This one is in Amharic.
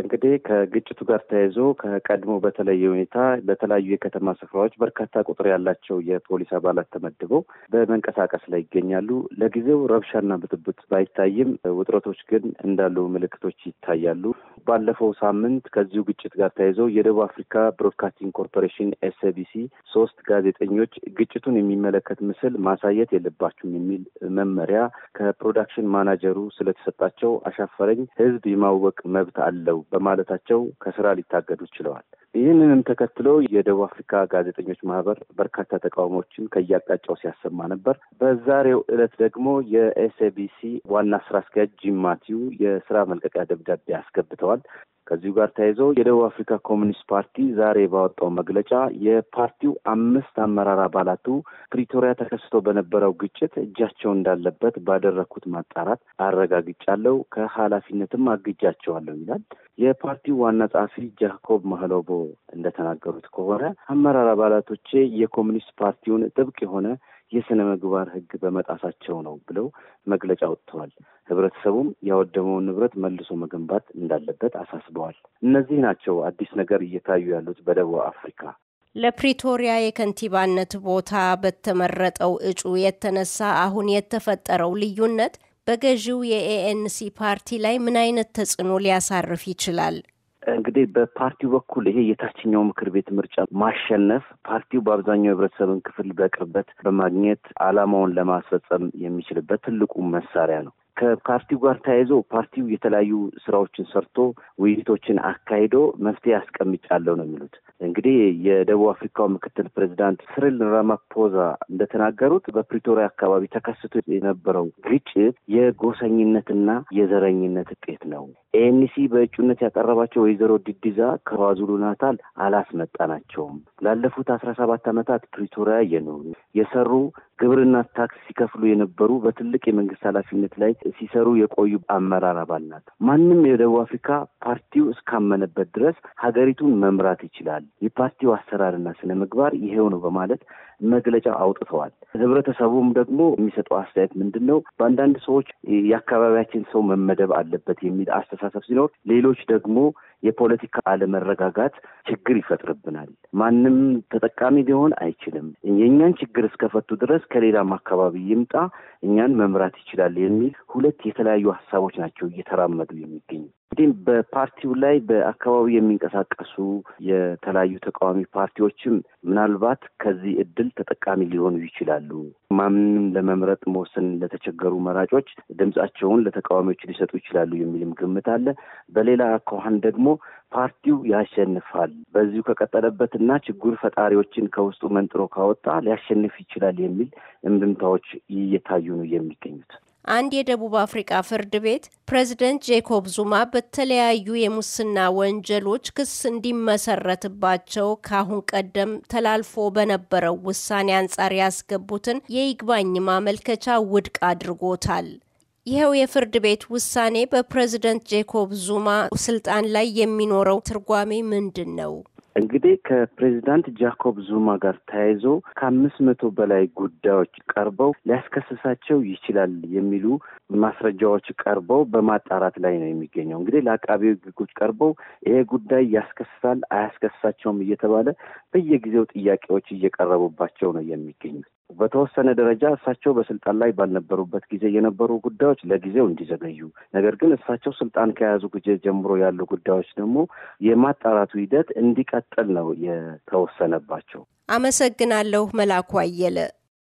እንግዲህ ከግጭቱ ጋር ተያይዞ ከቀድሞ በተለየ ሁኔታ በተለያዩ የከተማ ስፍራዎች በርካታ ቁጥር ያላቸው የፖሊስ አባላት ተመድበው በመንቀሳቀስ ላይ ይገኛሉ። ለጊዜው ረብሻና ብጥብጥ ባይታይም ውጥረቶች ግን እንዳሉ ምልክቶች ይታያሉ። ባለፈው ሳምንት ከዚሁ ግጭት ጋር ተያይዘው የደቡብ አፍሪካ ብሮድካስቲንግ ኮርፖሬሽን ኤስቢሲ ሶስት ጋዜጠኞች ግጭቱን የሚመለከት ምስል ማሳየት የለባችሁም የሚል መመሪያ ከፕሮዳክሽን ማናጀሩ ስለተሰጣቸው አሻፈረኝ ህዝብ የማወቅ መብት አለው በማለታቸው ከስራ ሊታገዱ ችለዋል። ይህንንም ተከትሎ የደቡብ አፍሪካ ጋዜጠኞች ማህበር በርካታ ተቃውሞዎችን ከየአቅጣጫው ሲያሰማ ነበር። በዛሬው ዕለት ደግሞ የኤስኤቢሲ ዋና ስራ አስኪያጅ ጂም ማቲው የስራ መልቀቂያ ደብዳቤ አስገብተዋል። ከዚሁ ጋር ተያይዘው የደቡብ አፍሪካ ኮሚኒስት ፓርቲ ዛሬ ባወጣው መግለጫ የፓርቲው አምስት አመራር አባላቱ ፕሪቶሪያ ተከስቶ በነበረው ግጭት እጃቸው እንዳለበት ባደረግኩት ማጣራት አረጋግጫለሁ፣ ከኃላፊነትም አግጃቸዋለሁ ይላል። የፓርቲው ዋና ጸሐፊ ጃኮብ ማህሎቦ እንደተናገሩት ከሆነ አመራር አባላቶቼ የኮሚኒስት ፓርቲውን ጥብቅ የሆነ የስነ ምግባር ህግ በመጣሳቸው ነው ብለው መግለጫ ወጥተዋል። ህብረተሰቡም ያወደመውን ንብረት መልሶ መገንባት እንዳለበት አሳስበዋል። እነዚህ ናቸው አዲስ ነገር እየታዩ ያሉት በደቡብ አፍሪካ። ለፕሪቶሪያ የከንቲባነት ቦታ በተመረጠው እጩ የተነሳ አሁን የተፈጠረው ልዩነት በገዢው የኤኤንሲ ፓርቲ ላይ ምን አይነት ተጽዕኖ ሊያሳርፍ ይችላል? እንግዲህ በፓርቲው በኩል ይሄ የታችኛው ምክር ቤት ምርጫ ማሸነፍ ፓርቲው በአብዛኛው የህብረተሰብን ክፍል በቅርበት በማግኘት ዓላማውን ለማስፈጸም የሚችልበት ትልቁ መሳሪያ ነው። ከፓርቲው ጋር ተያይዞ ፓርቲው የተለያዩ ስራዎችን ሰርቶ ውይይቶችን አካሂዶ መፍትሄ አስቀምጫለሁ ነው የሚሉት። እንግዲህ የደቡብ አፍሪካው ምክትል ፕሬዚዳንት ስሪል ራማፖዛ እንደተናገሩት በፕሪቶሪያ አካባቢ ተከስቶ የነበረው ግጭት የጎሰኝነትና የዘረኝነት ውጤት ነው። ኤንሲ በእጩነት ያቀረባቸው ወይዘሮ ዲዲዛ ከዋዙሉ ናታል አላስመጣ ናቸውም። ላለፉት አስራ ሰባት ዓመታት ፕሪቶሪያ የኖሩ የሰሩ ግብርና ታክስ ሲከፍሉ የነበሩ በትልቅ የመንግስት ኃላፊነት ላይ ሲሰሩ የቆዩ አመራር አባል ናት። ማንም የደቡብ አፍሪካ ፓርቲው እስካመነበት ድረስ ሀገሪቱን መምራት ይችላል፣ የፓርቲው አሰራርና ስነ ምግባር ይሄው ነው በማለት መግለጫ አውጥተዋል። ህብረተሰቡም ደግሞ የሚሰጠው አስተያየት ምንድን ነው? በአንዳንድ ሰዎች የአካባቢያችን ሰው መመደብ አለበት የሚል አስተሳሰብ ሲኖር፣ ሌሎች ደግሞ የፖለቲካ አለመረጋጋት ችግር ይፈጥርብናል፣ ማንም ተጠቃሚ ሊሆን አይችልም፣ የእኛን ችግር እስከፈቱ ድረስ ከሌላም አካባቢ ይምጣ እኛን መምራት ይችላል የሚል ሁለት የተለያዩ ሀሳቦች ናቸው እየተራመዱ የሚገኙ። እንግዲህ በፓርቲው ላይ በአካባቢው የሚንቀሳቀሱ የተለያዩ ተቃዋሚ ፓርቲዎችም ምናልባት ከዚህ እድል ተጠቃሚ ሊሆኑ ይችላሉ። ማንም ለመምረጥ መወሰን ለተቸገሩ መራጮች ድምጻቸውን ለተቃዋሚዎች ሊሰጡ ይችላሉ የሚልም ግምት አለ። በሌላ አኳኋን ደግሞ ፓርቲው ያሸንፋል፣ በዚሁ ከቀጠለበትና ችግር ፈጣሪዎችን ከውስጡ መንጥሮ ካወጣ ሊያሸንፍ ይችላል የሚል እምድምታዎች እየታዩ ነው የሚገኙት። አንድ የደቡብ አፍሪቃ ፍርድ ቤት ፕሬዝደንት ጄኮብ ዙማ በተለያዩ የሙስና ወንጀሎች ክስ እንዲመሰረትባቸው ካሁን ቀደም ተላልፎ በነበረው ውሳኔ አንጻር ያስገቡትን የይግባኝ ማመልከቻ ውድቅ አድርጎታል። ይኸው የፍርድ ቤት ውሳኔ በፕሬዝደንት ጄኮብ ዙማ ስልጣን ላይ የሚኖረው ትርጓሜ ምንድን ነው? እንግዲህ ከፕሬዚዳንት ጃኮብ ዙማ ጋር ተያይዞ ከአምስት መቶ በላይ ጉዳዮች ቀርበው ሊያስከስሳቸው ይችላል የሚሉ ማስረጃዎች ቀርበው በማጣራት ላይ ነው የሚገኘው። እንግዲህ ለአቃቢ ሕጎች ቀርበው ይሄ ጉዳይ ያስከስሳል አያስከስሳቸውም እየተባለ በየጊዜው ጥያቄዎች እየቀረቡባቸው ነው የሚገኙት። በተወሰነ ደረጃ እሳቸው በስልጣን ላይ ባልነበሩበት ጊዜ የነበሩ ጉዳዮች ለጊዜው እንዲዘገዩ፣ ነገር ግን እሳቸው ስልጣን ከያዙ ጊዜ ጀምሮ ያሉ ጉዳዮች ደግሞ የማጣራቱ ሂደት እንዲቀጥል ነው የተወሰነባቸው። አመሰግናለሁ። መላኩ አየለ